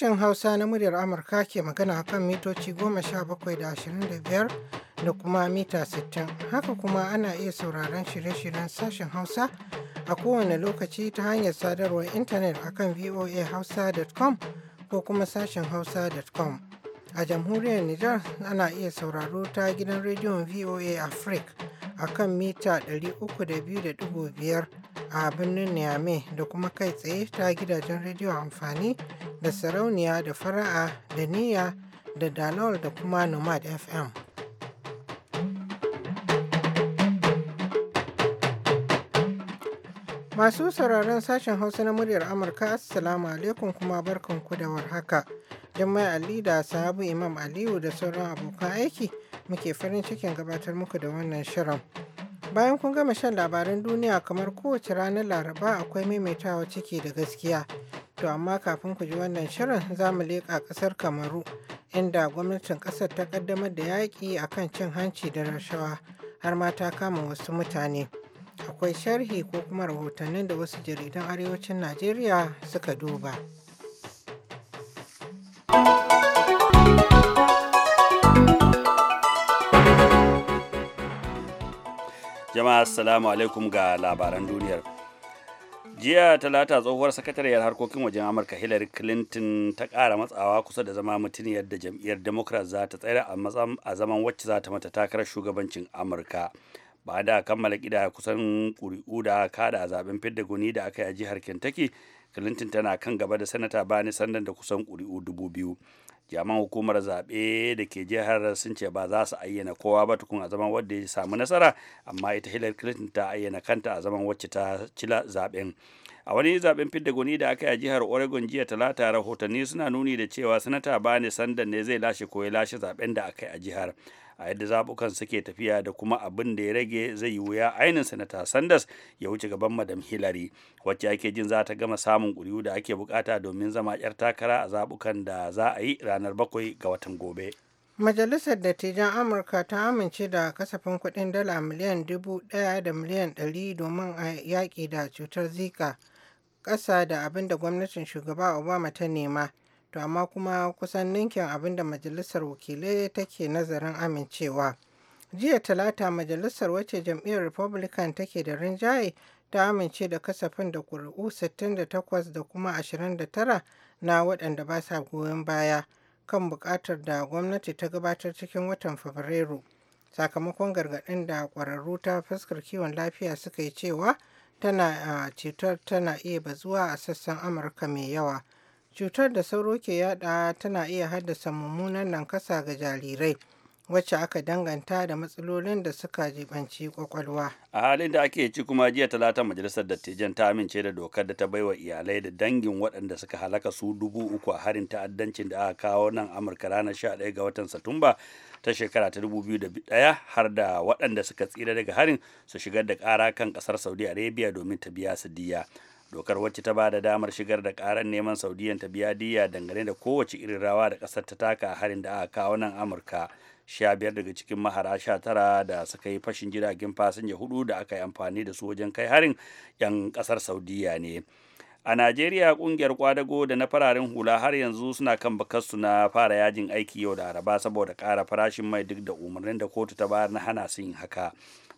Sashen Hausa na muryar Amurka ke magana kan mitoci goma sha bakwai da ashirin da biyar da kuma mita sittin. Haka kuma ana iya sauraron shirye-shiryen sashen Hausa a kowane lokaci ta hanyar sadarwar intanet a kan voahausa.com ko kuma sashen hausa.com. A jamhuriyar Nijar ana iya sauraro ta gidan rediyon VOA Africa a kan mita 302.5 a birnin Niamey da kuma kai tsaye ta gidajen rediyo amfani da sarauniya da fara'a da niyya da dalol da kuma nomad fm masu sauraron sashen hausa na muryar amurka assalamu alaikum kuma barkanku da warhaka jama'a ali da sahabu imam aliyu da sauran abokan aiki muke farin cikin gabatar muku da wannan shirin Bayan kun gama shan labaran duniya kamar kowace ranar Laraba akwai maimaitawa ciki da gaskiya. To amma kafin ku ji wannan shirin za mu leƙa ƙasar Kamaru inda gwamnatin ƙasar ta ƙaddamar da yaƙi a kan cin hanci da rashawa har ma ta kama wasu mutane. Akwai sharhi ko kuma rahotannin da wasu jaridan arewacin Najeriya suka duba. jama'a assalamu alaikum ga labaran duniyar jiya talata tsohuwar sakatariyar harkokin wajen amurka hillary clinton ta kara matsawa kusa da zama mutum yadda jam'iyyar democrat za ta tsayar a zaman wacce za ta mata takarar shugabancin amurka ba da kammala kidaya kusan kuri'u da kada a zaben fidda guni da aka yi a jihar kentucky clinton tana kan gaba da sanata bani sandan da kusan kuri'u dubu biyu jaman hukumar zaɓe da ke jihar sun ce ba za su ayyana kowa ba tukun a zaman wadda ya samu nasara amma ita hillary clinton ta ayyana kanta a zaman wacce ta cila zaɓen a wani zaɓen fidda gwani da aka yi a jihar oregon jiya talata rahotanni suna nuni da cewa sanata bani sandan ne zai lashe ko ya lashe zaɓen da aka yi a jihar a yadda zabukan suke tafiya da kuma abin da ya rage zai yi wuya ainihin sanata sanders ya wuce gaban madam hillary wacce ake jin za ta gama samun ƙuri'u da ake bukata domin zama 'yar takara a zabukan da za a yi ranar bakwai ga watan gobe Majalisar Dattijan Amurka ta amince da kasafin kuɗin dala miliyan dubu ɗaya da miliyan ɗari domin a yaƙi da cutar Zika, ƙasa da abin da gwamnatin shugaba Obama ta nema, to amma kuma kusan ninkin abin da majalisar wakilai take nazarin amincewa jiya talata majalisar wacce jam'iyyar republican take da rinjaye ta amince da kasafin da kuri'u 68 da kuma 29 na waɗanda ba sa goyon baya kan buƙatar da gwamnati ta gabatar cikin watan fabrairu sakamakon gargaɗin da ƙwararru ta fuskar kiwon lafiya suka yi cewa tana cutar tana iya bazuwa a sassan amurka mai yawa Cutar da sauro ke yada tana iya haddasa mummunan nankasa ga jarirai. wacce aka danganta da matsalolin da suka jibanci kwakwalwa. A halin da ake ci kuma jiya talata majalisar dattijan ta amince da dokar da ta baiwa iyalai da dangin waɗanda suka halaka su dubu uku a harin ta'addancin da aka kawo nan Amurka ranar 11 ga watan Satumba ta shekara ta 2001 har da waɗanda suka tsira daga harin su shigar da ƙara kan ƙasar Saudi Arabia domin ta biya su diya. dokar wacce ta ba da damar shigar da karar neman saudiyan ta biya diya dangane da kowace irin rawa da kasar ta taka a harin da aka kawo nan amurka sha biyar daga cikin mahara sha tara da suka yi fashin jiragen fasinja hudu da aka yi amfani da su wajen kai harin yan kasar saudiya ne a najeriya kungiyar kwadago da na fararen hula har yanzu suna kan bakarsu na fara yajin aiki yau da araba saboda kara farashin mai duk da umarnin da kotu ta bayar na hana su yin haka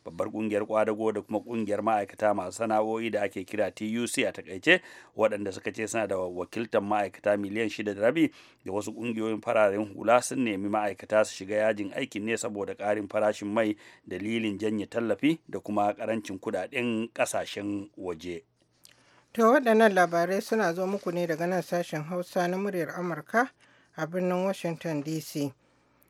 babbar kungiyar kwadago da kuma kungiyar ma'aikata masu sana'o'i da ake kira tuc a takaice waɗanda suka ce suna da wakiltar ma'aikata miliyan shida da rabi da wasu ƙungiyoyin fararen hula sun nemi ma'aikata su shiga yajin aikin ne saboda ƙarin farashin mai dalilin janye tallafi da kuma ƙarancin kuɗaɗen ƙasashen waje. To waɗannan labarai suna zo muku ne daga nan sashen Hausa na muryar Amurka a birnin Washington DC.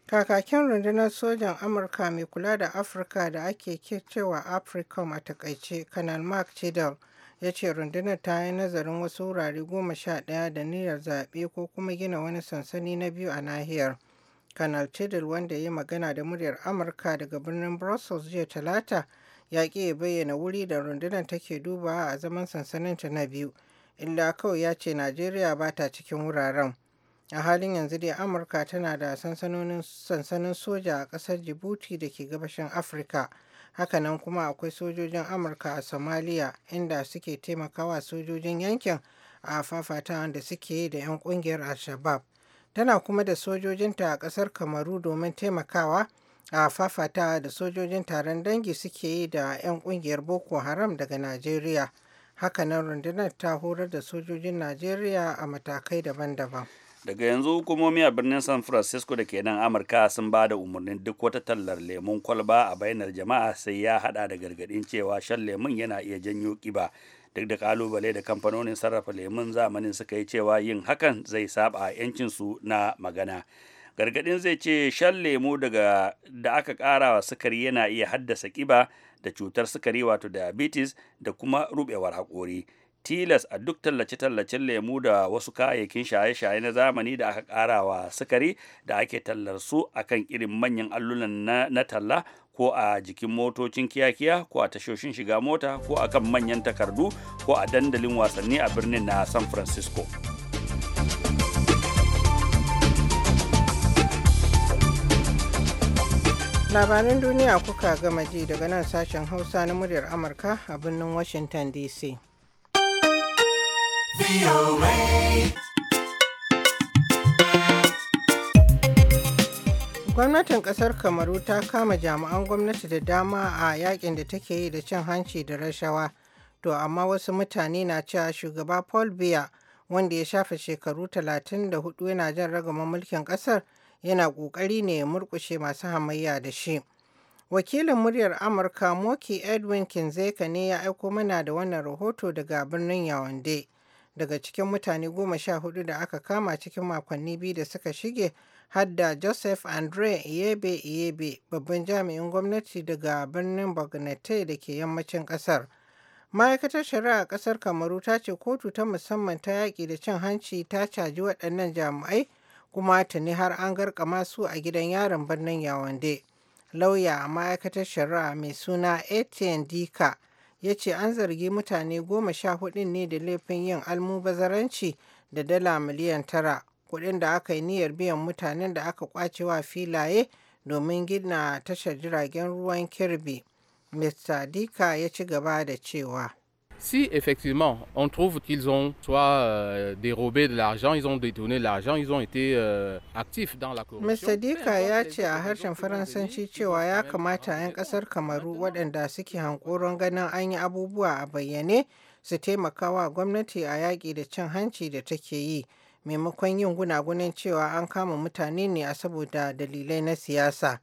Kakakin rundunar sojan Amurka mai kula da Afirka da ake cewa AFRICOM a takaice, Kanal Mark chidal ya ce rundunar ta yi nazarin wasu wurare goma sha ɗaya da niyyar zaɓe ko kuma gina wani sansani na biyu a nahiyar. Kanal chidal wanda ya yi magana da muryar Amurka daga birnin Brussels jiya Talata ya ƙi ya bayyana wuri da rundunar take dubawa a zaman sansaninta na biyu, illa kawai ya ce Najeriya ba ta cikin wuraren. a halin yanzu dai amurka tana da sansanin soja a ƙasar jibuti da ke gabashin afirka hakanan kuma akwai sojojin amurka a somalia inda suke taimakawa sojojin yankin a fafatawan da suke da 'yan kungiyar al-shabab tana kuma da sojojinta a ƙasar kamaru domin taimakawa a fafatawa da sojojin taron dangi suke yi da 'yan kungiyar boko haram daga najeriya hakanan rundunar ta horar da sojojin najeriya a matakai daban-daban daga yanzu hukumomi a birnin san francisco da ke nan amurka sun ba da umarnin duk wata tallar lemun kwalba a bainar jama'a sai ya hada da gargadin cewa shan lemun yana iya janyo kiba duk da kalubale da kamfanonin sarrafa lemun zamanin suka yi cewa yin hakan zai saba a yancinsu na magana gargadin zai ce shan lemu daga da aka kara wa sukari yana iya haddasa kiba da cutar sukari wato diabetes da kuma rubewar haƙori tilas a duk tallace-tallacen lemu da wasu kayayyakin shaye-shaye na zamani da aka ƙara wa sukari da ake tallar su a kan irin manyan allunan na, talla ko a jikin motocin kiyakiya ko a tashoshin shiga mota ko a kan manyan takardu ko a dandalin wasanni a birnin na san francisco labaran duniya kuka gama ji daga nan sashen hausa na muryar amurka a birnin washington dc Gwamnatin ƙasar Kamaru ta kama jami'an gwamnati da dama a yakin da take yi da cin hanci da rashawa. To amma wasu mutane na cewa shugaba Paul Biya wanda ya shafe shekaru 34 yana jan ragaman mulkin ƙasar, yana ƙoƙari ne ya murkushe masu hamayya da shi. Wakilin muryar Amurka Moki Edwin Kinzeka ne ya aiko mana da wannan rahoto daga birnin Yawande. daga cikin mutane goma sha hudu da aka kama cikin makonni biyu da suka shige hadda joseph andre iyebe iyebe babban jami'in gwamnati daga birnin bagnate da ke yammacin kasar ma'aikatar shari'a kasar kamaru ta ce kotu ta musamman ta yaƙi da cin hanci ta caji waɗannan jami'ai kuma tuni har an garkama su a gidan yaron birnin yawande lauya ma'aikatar shari'a mai suna etienne dika ya ce an zargi mutane goma sha hudun ne da laifin yin almubazaranci da dala miliyan tara kuɗin da aka yi niyyar biyan mutanen da aka kwace wa filaye domin gina tashar jiragen ruwan kirbi, mr dika ya ci gaba da cewa Si effectivement on trouve qu'ils ont soit euh, dérobé de l'argent, ils ont détourné l'argent, ils ont été euh, actifs dans la corruption. c'est Dika ya ce a harshen Faransanci cewa ya kamata 'yan ƙasar Kamaru waɗanda suke hankoron ganin an yi abubuwa a bayyane su taimakawa gwamnati a yaƙi da cin hanci da take yi maimakon yin gunagunin cewa an kama mutane ne a saboda dalilai na siyasa.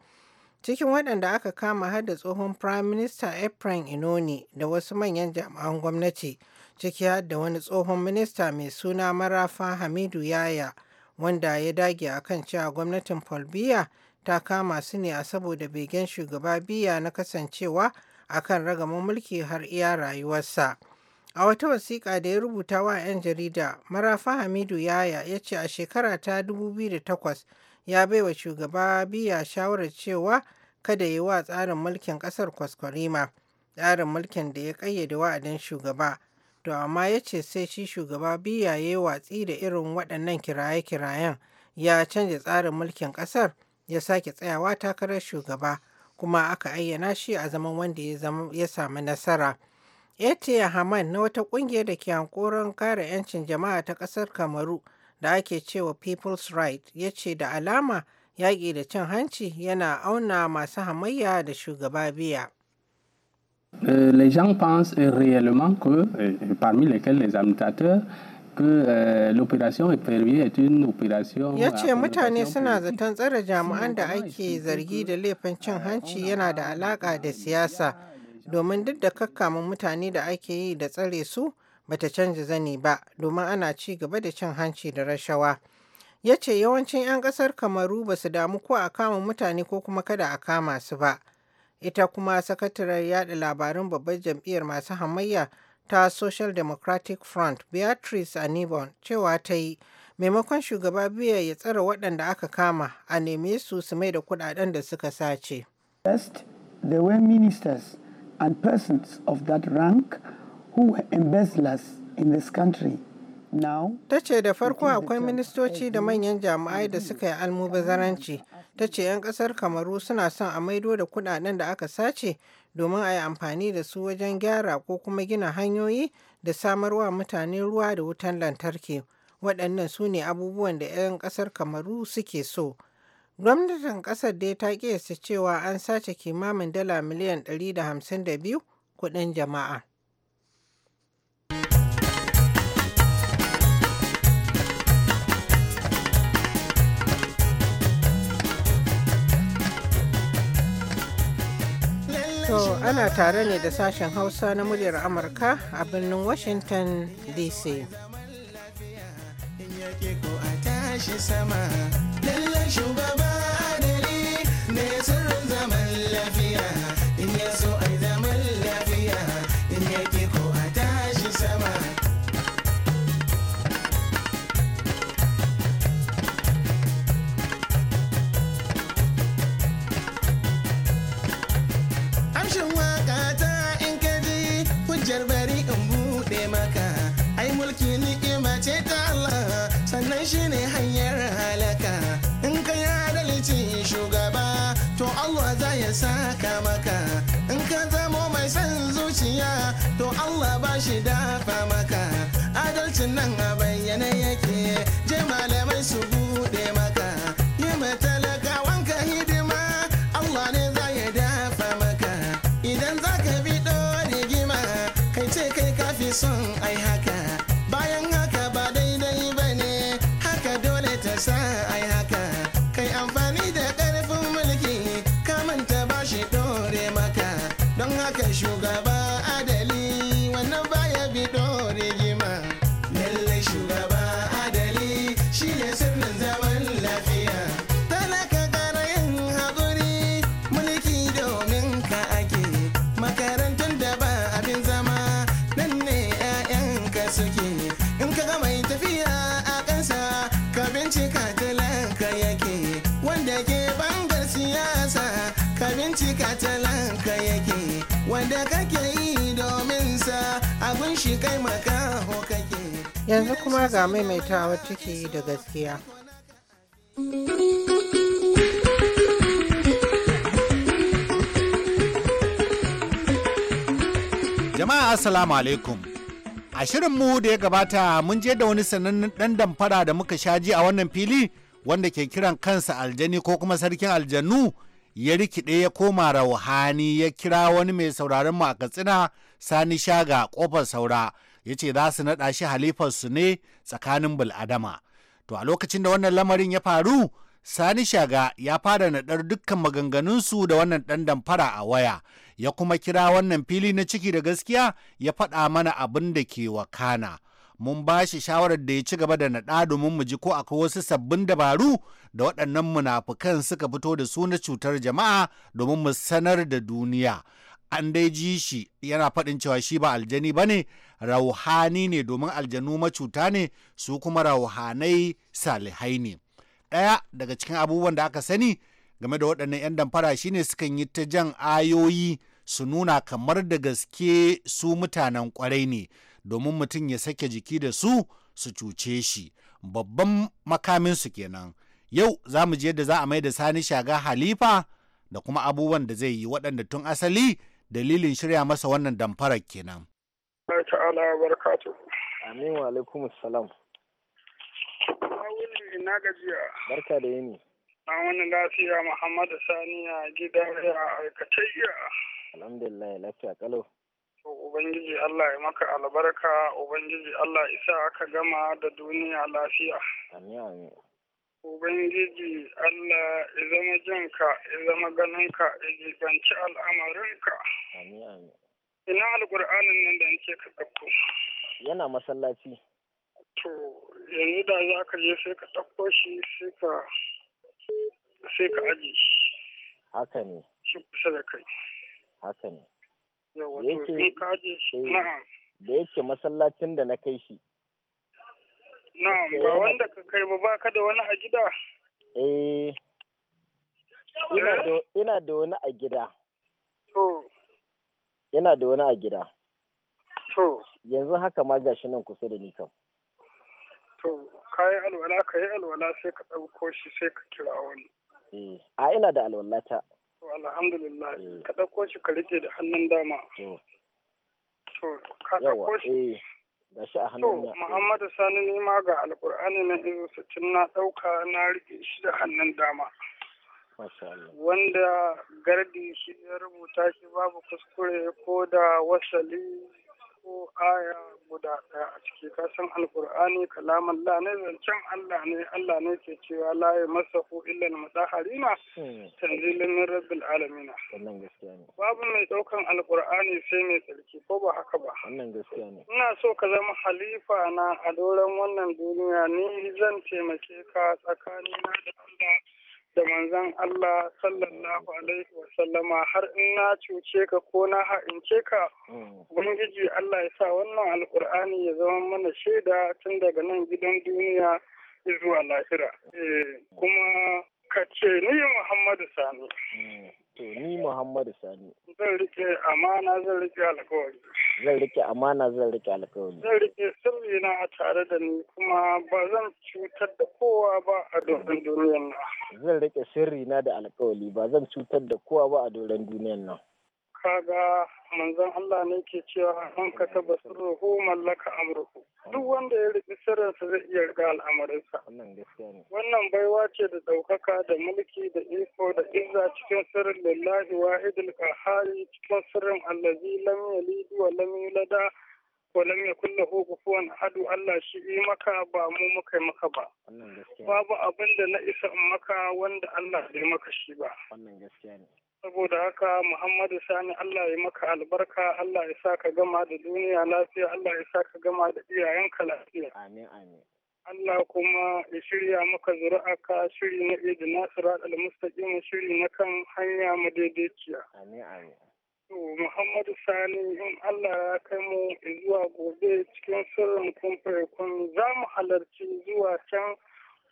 Cikin waɗanda aka kama har tsohon Prime Minister Ephraim Inoni da wasu manyan jami'an gwamnati, ciki har da wani tsohon minista mai suna Marafa Hamidu Yaya, wanda ya dage a kan cewa gwamnatin Paul ta kama su ne a saboda begen shugaba Biya na kasancewa a kan ragaman mulki har iya rayuwarsa. A wata wasiƙa da ya rubuta wa 'yan jarida, Marafa Hamidu Yaya ya ce a shekara ta 2008 ya baiwa shugaba biya shawarar cewa kada ya yi wa tsarin mulkin ƙasar kwaskwarima tsarin mulkin da ya ƙayyade wa'adin shugaba to amma ya ce sai shi shugaba biya ya yi watsi da irin waɗannan kiraye-kirayen ya canza tsarin mulkin ƙasar ya sake tsayawa takarar shugaba kuma aka ayyana shi a zaman wanda ya samu nasara etiya haman na wata ƙungiyar da ke hankoron kare 'yancin jama'a ta ƙasar kamaru da ake cewa People's Right ya ce da alama yaƙi da cin hanci yana auna masu hamayya da shugaba biya. Ya ce mutane suna zaton tsare jami'an da ake zargi da laifin cin hanci yana da alaƙa da siyasa, domin duk da kakkamin mutane da ake yi da tsare su, bata canza zani ba domin ana ci gaba da cin hanci da rashawa. Ya ce yawancin 'yan ƙasar Kamaru ba su damu ko a kama mutane ko kuma kada a kama su ba. Ita kuma sakataren yada labarin babbar jam'iyyar masu hamayya ta Social Democratic Front Beatrice Anibon cewa ta yi maimakon shugaba biya ya tsara waɗanda aka kama a neme su su mai da kuɗaɗen da suka sace. First, there were ministers and persons of that rank who embezzlers in this country. Ta ce da farko akwai ministoci da manyan jami'ai da suka yi almubazaranci. Ta ce 'yan kasar Kamaru suna son a maido da kudaden da aka sace domin a yi amfani da su wajen gyara ko kuma gina hanyoyi da samarwa mutane ruwa da wutan lantarki. Waɗannan su ne abubuwan da 'yan ƙasar Kamaru suke so. Gwamnatin kasar dai ta kiyasta cewa an sace kimamin dala miliyan 152 kuɗin jama'a. To ana tare ne da sashen Hausa na muryar Amurka a birnin Washington DC. Lallai saka maka in ka zamo mai son zuciya to Allah ba shi dafa maka adalcin nan a bayyane yake yanzu kuma ga maimaitawa ciki da gaskiya jama'a assalamu alaikum a shirin mu da ya gabata mun je da wani sanannen dan damfara da muka sha ji a wannan fili wanda ke kiran kansa aljani ko kuma sarkin aljanu ya rikide ya koma rauhani ya kira wani mai sauraron mu a katsina sani shaga kofar saura ya ce za su naɗa shi halifarsu ne tsakanin bul'adama. to a lokacin da wannan lamarin ya faru sani shaga ya fara naɗar dukkan maganganunsu da wannan ɗan damfara a waya ya kuma kira wannan fili na ciki da gaskiya ya faɗa mana abin da ke wakana mun ba shi shawarar da ya ci gaba da naɗa domin mu ji ko akwai wasu sabbin dabaru da waɗannan munafukan suka fito da su na cutar jama'a domin mu sanar da duniya an dai ji shi yana faɗin cewa shi ba aljani ba ne rauhani ne domin aljanu macuta ne su kuma rauhanai salihai ne ɗaya daga cikin abubuwan da aka sani game da waɗannan 'yan damfara shi ne sukan yi ta jan ayoyi su nuna kamar da gaske su mutanen kwarai ne domin mutum ya sake jiki da su su cuce shi babban makaminsu kenan yau za mu je da za a mai da sani shaga halifa da kuma abubuwan da zai yi waɗanda tun asali dalilin shirya masa wannan damfarar kenan. Allah Amin wa alaikum salam. Wani ina gajiya. Barka da yini. Na wani lafiya Muhammadu Sani a gida ya aikatayya. Alhamdulillah lafiya kalau. To Ubangiji Allah ya maka albarka, Ubangiji Allah isa aka gama da duniya lafiya. Amin amin. Ubangiji Allah ya zama jinka, ya zama ganinka, ya jibanci al'amarinka. Ina alƙur'anin nan da nke ka ɗauko. Yana masallaci. To, yanzu da za ka je sai ka ɗauko shi sai ka aji Haka ne. Shi kusa da kai. Haka ne. Yawa, to, ka aji shi. Eh, da yake masallacin da na kai shi. ba wanda ka kai ba ba ka da wani a gida? Eh. Ina da wani a gida. To. Ina da wani a gida. To. Yanzu haka ma gashi nan kusa da ni kam. To, ka yi alwala ka yi alwala sai ka ɗauko shi sai ka kira wani. Eh, a ina da alwala ta. To, alhamdulillah, eh. ka ɗauko shi ka rike da hannun dama. To, ka ɗauko shi. Eh. ga a hannun na. Muhammadu Sani ni ma ga Alƙur'ani na izo sucin na ɗauka na riƙe shi da hannun dama. Wanda gardi shi ya rubuta shi babu kuskure ko da wasali ko aya guda ɗaya a ciki kasan alkur'ani kalaman la ne zancen allah ne allah ne ke cewa la ya masa ko illan mutahharina hmm. tanzilin rabbil alamina babu mai ɗaukan alkur'ani sai mai tsarki ko ba haka ba ina so ka zama halifa na a doron wannan duniya ni zan taimake ka tsakanina da allah da manzon Allah sallallahu alaihi wa sallama har in na cuce ka ko na ha'ince ka hmm. ubangiji Allah ya sa wannan alkur'ani ya zama mana shaida tun daga nan gidan duniya zuwa lahira eh, kuma ka ce ni Muhammadu Sani hmm. ni Muhammadu Sani zan rike amana zan rike alkawari. Zan rike amana zan rike alkawari. Zan rike sirri na a tare da ni kuma ba zan cutar da kowa ba a doron duniyar nan. Zan rike sirri na da alkawari ba zan cutar da kowa ba a doron duniyar nan. kaga manzon Allah ne ke cewa an ka taba ruhu mallaka amruhu duk wanda ya riƙi sirrinsa zai iya riga al'amarinsa wannan baiwa ce da ɗaukaka da mulki da iko da izza cikin sirrin lillahi wahidul qahari cikin sirrin allazi lam yalid wa lam lada wa lam yakul lahu kufuwan ahad Allah shi yi maka ba mu muka yi maka ba babu abin da na isa maka wanda Allah bai maka shi ba saboda haka muhammadu sani allah ya maka albarka allah ya sa ka gama da duniya lafiya allah ya sa ka gama da iyayenka lafiya amin amin Allah kuma ya shirya maka zuri'aka shiri na idi nasirat al-mustaqim shiri na kan hanya madaidaiciya amin amin to muhammadu sani in Allah ya kai mu zuwa gobe cikin sirrin kun kun za mu halarci zuwa can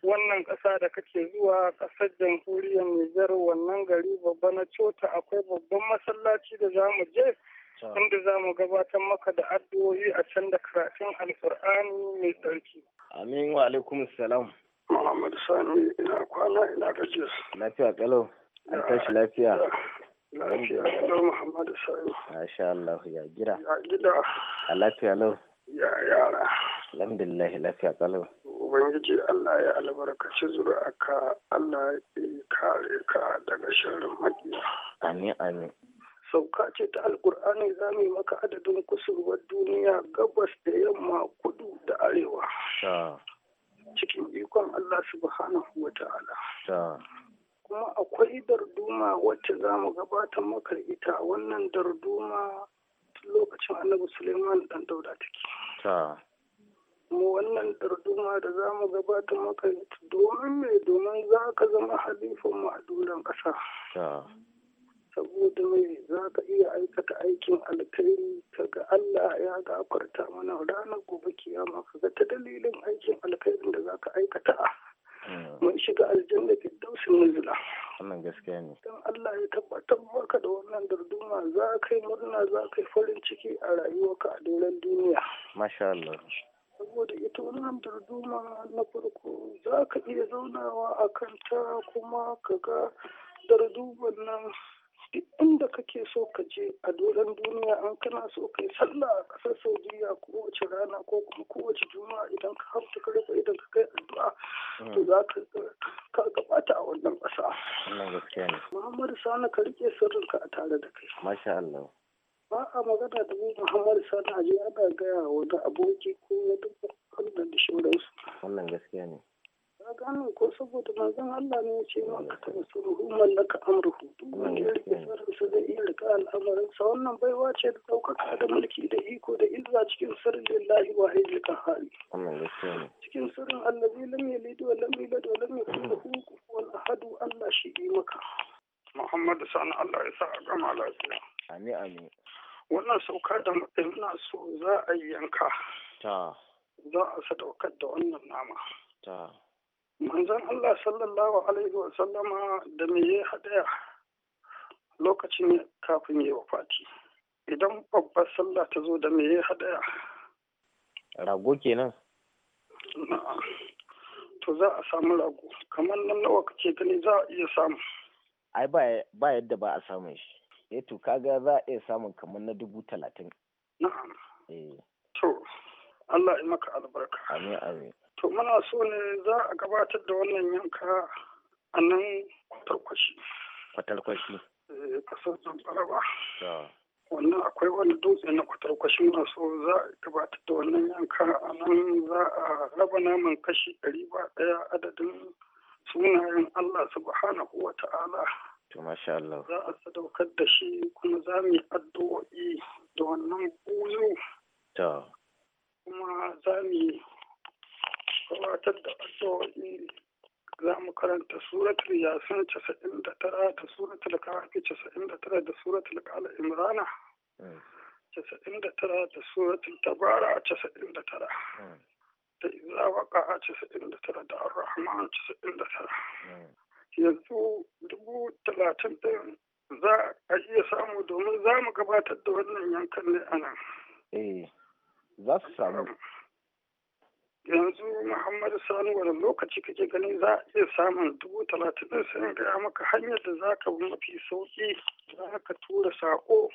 wannan ƙasa da kake zuwa ƙasar jamhuriyar Nijar wannan gari babba na cota akwai babban masallaci da za mu je inda za mu gabatar maka da addu'o'i a can da karatun alkur'ani mai tsarki. Amin wa alaikum salam. Muhammad Sani ina kwana ina kake. Lafiya kalau. An tashi lafiya. Lafiya kalau Muhammad Sani. Masha Allah ya gida. Ya gida. A lafiya lau. ya yara alhamdulillah lafiya kalau ubangiji Allah ya albarkaci zuri'arka Allah ya kare ka daga shirin maƙiya amin amin sauka ce ta alkur'ani za mu yi maka adadin kusurwar duniya gabas da yamma kudu da arewa cikin ikon Allah subhanahu wa ta'ala kuma akwai darduma wacce za mu gabatar maka ita wannan darduma lokacin annabi suleiman dan dauda take mu wannan darduma da za mu gabata maka domin me domin za ka zama halifan mu a ƙasa saboda mai za ka iya aikata aikin alkhairi kaga Allah ya gafarta mana ranar gobe kiyama kaga ta dalilin aikin alkhairin da za ka aikata Hmm. mun shiga aljanna fi dausin nuzula wannan gaskiya ne dan Allah ya tabbatar maka da wannan darduma za ka yi murna za ka yi farin ciki a rayuwarka a doron duniya masha Allah saboda ita wannan darduma na farko za ka iya zaunawa a kan kanta kuma ka ga darduman nan duk inda kake so ka je a doron duniya idan kana so kai sallah a ƙasar saudiya kowace rana ko kuma kowace juma'a idan ka hafta ka rufe idan ka kai addu'a hmm. to za ka gabata a wannan ƙasa muhammadu sani ka rike sirrinka a tare da kai masha allah ba a magana da mu muhammadu sani a je ana gaya wa da aboki ko wani da shauransu wannan gaskiya ne tsakanin ko saboda manzon Allah ne ya ce maka ta ruhu mallaka amruhu duk wanda ya rike sarrinsa mm-hmm. zai iya rika sa. wannan baiwa ce da ɗaukaka da mulki da iko da izza cikin sirrin lillahi wa ka hali. cikin sirrin allazi lam yalid wa lam yulad wa lam yakul lahu kufuwan ahad mm-hmm. Allah shi yi maka Muhammad sani Allah ya sa a gama lafiya amin amin wannan sauka da ina so za a yi yanka za a sadaukar da wannan nama manzon Allah sallallahu alaihi sallama da me ya haɗaya lokacin kafin yi wafati idan babbar sallah ta zo da me ya haɗaya rago kenan Na'a, to za a samu rago kamar nan nawa kake gani za a iya samu ai ba yadda ba a samun shi eh to kaga za a iya samun kamar na dubu talatin na'am eh to Allah ya maka albarka amin amin To muna so ne za a gabatar da wannan yanka a nan kwatarkwashi. Kwatarkwashi. Kasar eh, Zamfara ba. Wannan akwai wani dutse na kwatarkwashi muna so za a gabatar da wannan yanka a nan za a raba naman kashi ɗari ba ɗaya adadin sunayen Allah subhanahu wa ta'ala. To masha Allah. Za a sadaukar da shi kuma za mu yi addu'o'i da wannan buzu. To. Kuma za mu yi gabatar da addu'o'i za mu karanta suratul yasin casa'in da tara da suratul kafi casa'in da tara da suratul kala imrana casa'in da tara da suratul tabara casa'in da tara da iza waka casa'in da tara da arrahman casa'in da tara yanzu dubu talatin ɗin za a iya samu domin za mu gabatar da wannan yankan ne a nan. Eh, za su samu. yanzu muhammadu sani wani lokaci kake ganin za a iya samun dubu talatin da sai gaya maka hanyar da za ka mafi sauki za ka tura sako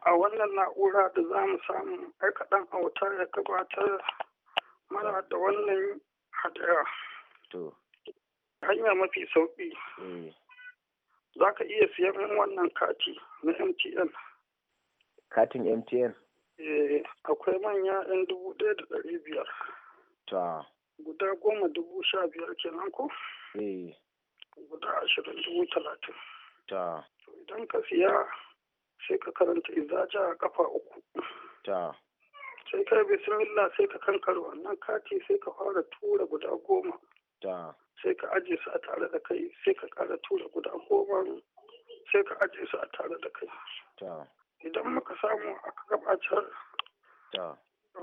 a wannan na'ura da za mu samu ai a ya gabatar mana da wannan hadaya hanya mafi sauki eh. za ka iya siyan wannan kati na mtn katin mtn Eh, akwai manya yan dubu ɗaya da ɗari biyar. Ta. Guda goma dubu sha biyar kenan ko? Eh. Guda ashirin dubu talatin. Ta. Idan ka siya sai ka karanta izaja a kafa uku. Ta. Sai ka bismillah sai ka kankar wannan kati sai ka fara tura guda goma. Ta. Sai ka aje su a tare da kai sai ka ƙara tura guda goma sai ka aje su a tare da kai. Ta. idan muka samu aka gabatar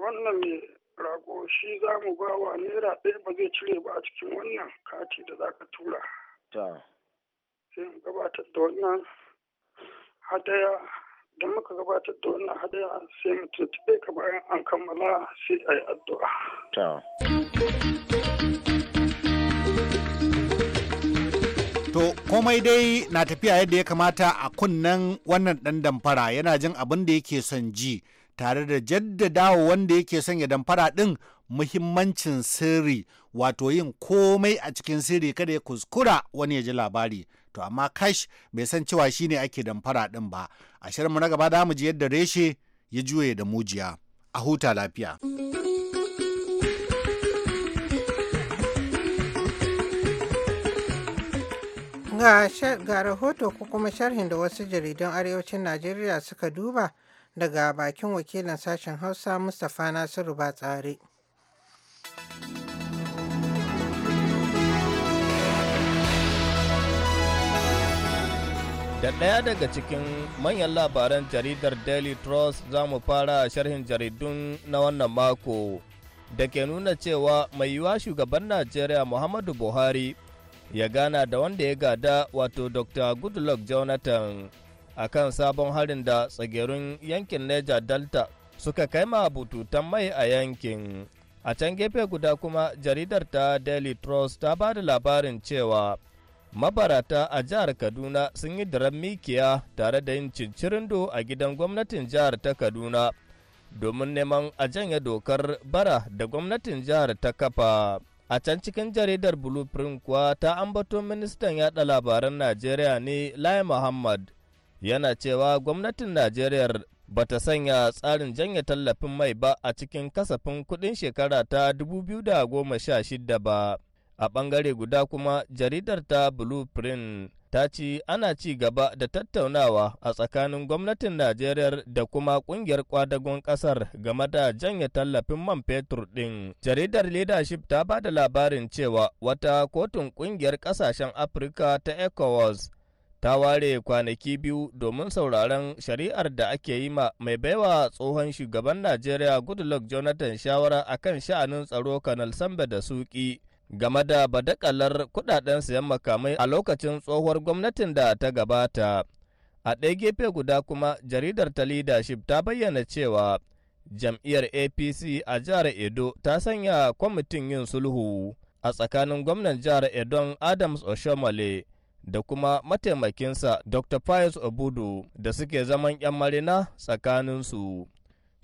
wannan ne rago shi za mu ba wa naira ɗaya ba zai cire ba a cikin wannan kati da za ka tura sai mu gabatar da wannan hadaya idan muka gabatar da wannan hadaya sai mu tuntube ka bayan an kammala sai a yi addu'a komai dai na tafiya yadda ya kamata a kunnen wannan ɗan damfara yana jin abin da yake son ji tare da jaddadawa wanda yake son ya damfara ɗin muhimmancin sirri wato yin komai a cikin sirri kada ya kuskura wani ya ji labari to amma kash bai san cewa shine ake damfara ɗin ba a mu na gaba da mu ji yadda reshe ya juye da mujiya a huta lafiya. Ga rahoto ko kuma sharhin da wasu jaridan Arewacin Najeriya suka duba daga bakin wakilin sashen Hausa Mustapha Nasiru ba tsare. Da ɗaya daga cikin manyan labaran jaridar Daily Trust za mu fara sharhin jaridun na wannan mako da ke nuna cewa mai yiwuwa shugaban Najeriya Muhammadu Buhari ya gana da wanda ya gada wato dr goodluck jonathan a kan sabon harin da tsagerun yankin niger delta suka kai ma bututan mai a yankin a can gefe guda kuma jaridar ta daily trust ta ba da labarin cewa mabarata a jihar kaduna sun yi daren mikiya tare da yin cincirindo a gidan gwamnatin jihar ta kaduna domin neman a janye dokar bara da gwamnatin jihar ta kafa A can cikin jaridar Blueprint kuwa ta ambato ministan yada labaran Najeriya ne Lai Muhammad yana cewa gwamnatin Najeriya bata sanya tsarin janye tallafin mai ba a cikin kasafin kudin shekara ta 2016 ba. A ɓangare guda kuma jaridar ta Blueprint ta ce ana ci gaba da tattaunawa a tsakanin gwamnatin Najeriya da kuma kungiyar kwadagon kasar game da janya tallafin man fetur din. Jaridar Leadership ta ba da labarin cewa wata kotun kungiyar kasashen Afirka ta ECOWAS ta ware kwanaki biyu domin sauraron shari'ar da ake yi ma mai baiwa tsohon shugaban Najeriya Goodluck Jonathan shawara akan sha'anin tsaro Kanal Samba da Suki. game da badakalar kudaden siyan makamai a lokacin tsohuwar gwamnatin da ta gabata. A ɗaya gefe guda kuma jaridar ta leadership ta bayyana cewa jam'iyyar APC a jihar Edo ta sanya kwamitin yin sulhu a tsakanin gwamnan jihar Edon Adams Oshomole da kuma mataimakinsa Dr. Pius Obudu da suke zaman 'yan marina tsakaninsu.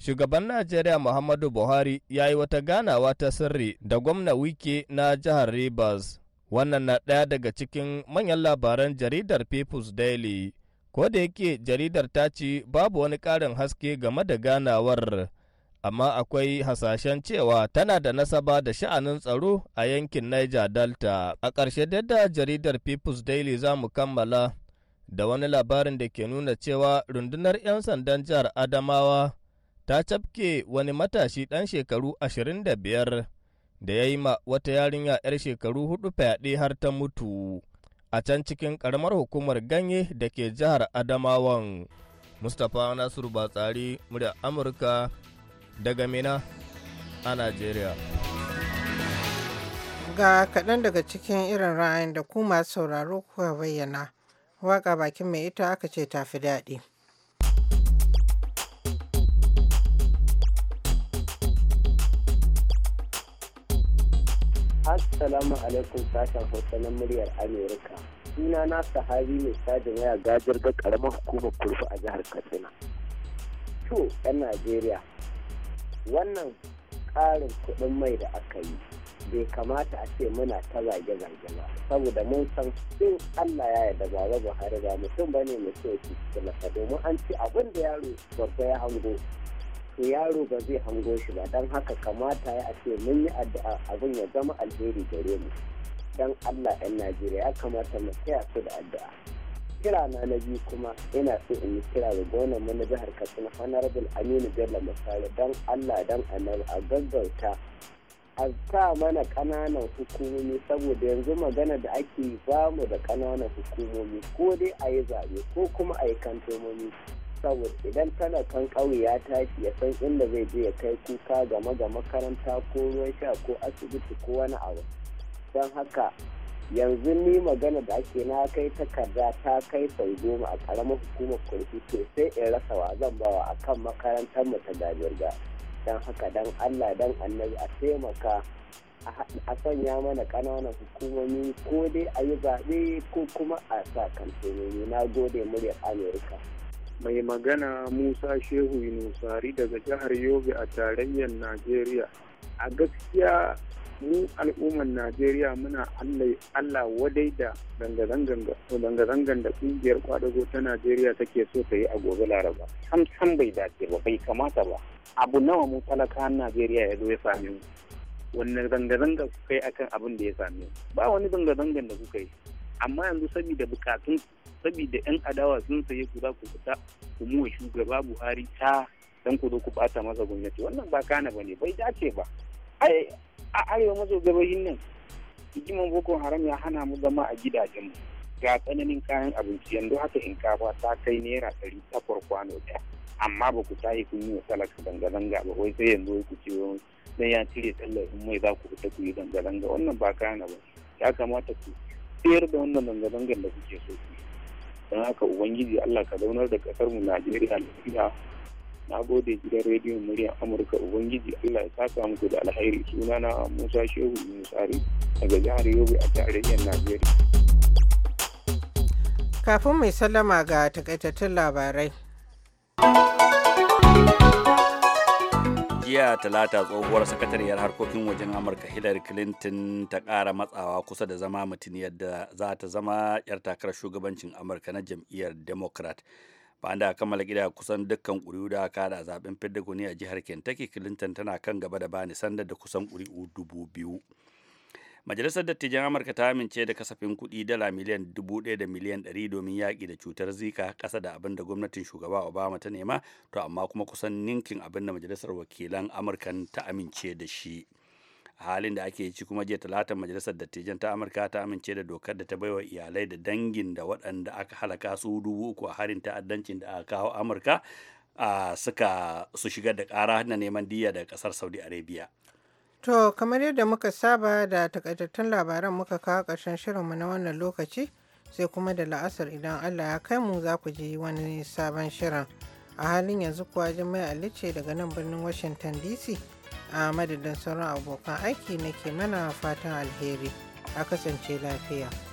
Shugaban Najeriya Muhammadu Buhari ya yi wata ganawa ta sirri da gwamna Wike na jihar Rivers. Wannan na ɗaya daga cikin manyan labaran jaridar People's Daily. Ko da yake jaridar ta ce babu wani ƙarin haske game da ganawar, amma akwai hasashen cewa tana da nasaba da sha'anin tsaro a yankin Niger Delta. A ƙarshe da jaridar People's Daily za mu kammala da wani labarin da ke nuna cewa rundunar 'yan sandan jihar Adamawa. ta cafke wani matashi ɗan shekaru ashirin da biyar da ya yi ma wata yarinya 'yar shekaru hudu fyaɗe har ta mutu a can cikin karamar hukumar ganye da ke jihar Adamawan. Mustapha Nasiru Batsari, murya Amurka daga Mina a Najeriya. Ga kaɗan daga cikin irin ra'ayin da ku masu sauraro kuka bayyana, waka bakin mai ita aka ce tafi daɗi. Assalamu alaikum sashen Hausa na muryar Amerika. Suna na sahabi mai sajin waya gajar ga karamar hukumar kurfu a jihar Katsina. To, 'yan Najeriya, wannan ƙarin kuɗin mai da aka yi bai kamata a ce muna ta zage-zage ba saboda mun san in Allah ya yarda ga Buhari ba mutum bane mutum ya ci domin an ci abin da yaro babba ya hango to yaro ba zai hango shi ba don haka kamata ya ce mun yi addu'a abin ya zama alheri gare mu don allah 'yan najeriya ya kamata mu taya su da addu'a kira na na biyu kuma ina so in yi kira da gonar mu na jihar katsina honorable aminu bello musali don allah don annabi a gaggauta a sa mana ƙananan hukumomi saboda yanzu magana da ake ba mu da ƙananan hukumomi ko dai a yi zaɓe ko kuma a yi kantomomi saboda idan talakan ƙauye ya tashi ya san inda zai je ya kai kuka game ga makaranta ko ruwan sha ko asibiti ko wani abu don haka yanzu ni magana da ake na kai takarda ta kai sau goma a karamar hukumar kurfi to sai in rasa wa zan bawa a kan makarantar mu ta gajirga don haka dan allah dan annabi a taimaka a sanya mana ƙananan hukumomi ko dai a yi zaɓe ko kuma a sa kamfanoni na gode muryar amurka mai magana musa shehu inusari daga jihar yobe a tarayyar najeriya a gaskiya mu al'ummar najeriya muna allah wadai da zanga-zangan da kungiyar kwadago ta najeriya take so ta yi a gobe laraba sam bai dace ba bai kamata ba abu nawa mu talakawan najeriya ya zo ya same wannan zanga-zanga kuka akan abin da ya same ba wani zanga-zangan da kuka yi amma yanzu saboda bukatun saboda yan adawa sun saye ku za ku fita ku mu shugaba buhari ta dan ku ku bata masa gwamnati wannan ba kana bane bai dace ba a arewa maso gabayin nan hikiman boko haram ya hana mu zama a gidajenmu ga tsananin kayan abinci yanzu haka in kafa ta kai naira ɗari takwar kwano ɗaya amma ba ku tayi kun yi wa talaka zanga-zanga ba wai sai yanzu ku ce wani ya cire in mai za ku fita ku yi zanga-zanga wannan ba kana ba ya kamata ku tsayar da wannan zanga-zangar da kuke so don haka ubangiji allah ka zaunar da kasar mu najeriya lafiya na gode gidan rediyon muryar amurka ubangiji allah ya saka muku da alheri sunana musa shehu musari daga jihar yobe a tarayyar najeriya kafin mai sallama ga takaitattun labarai jiya talata tsohuwar sakatariyar harkokin wajen amurka hillary clinton ta kara matsawa kusa da zama mutum yadda za ta zama 'yar takarar shugabancin amurka na jam'iyyar democrat ba da kammala gida kusan dukkan ƙuri'u da aka da zaben fidda a jihar kentucky clinton tana kan gaba da bani sandar da kusan ƙuri'u dubu biyu Majalisar Dattijan Amurka ta amince da kasafin kuɗi dala miliyan dubu ɗaya da miliyan ɗari domin yaƙi da cutar zika ƙasa da abin da gwamnatin shugaba Obama ta nema, to amma kuma kusan ninkin abin da Majalisar Wakilan amurka ta amince da shi. a halin da ake ci kuma jiya talatan majalisar dattijan ta amurka ta amince da dokar da ta baiwa iyalai da dangin da waɗanda aka halaka su dubu uku a harin ta'addancin da aka kawo amurka suka su shigar da ƙara na neman diya daga ƙasar saudi arabia To, kamar yadda muka saba da takaitattun labaran muka kawo ƙarshen shirinmu na wannan lokaci, sai kuma da la'asar idan Allah ya kai mu za ku ji wani sabon shirin. A halin yanzu kuwa Jummai Ali ce daga nan birnin Washington DC a madadin sauran abokan aiki nake mana fatan alheri. A kasance lafiya.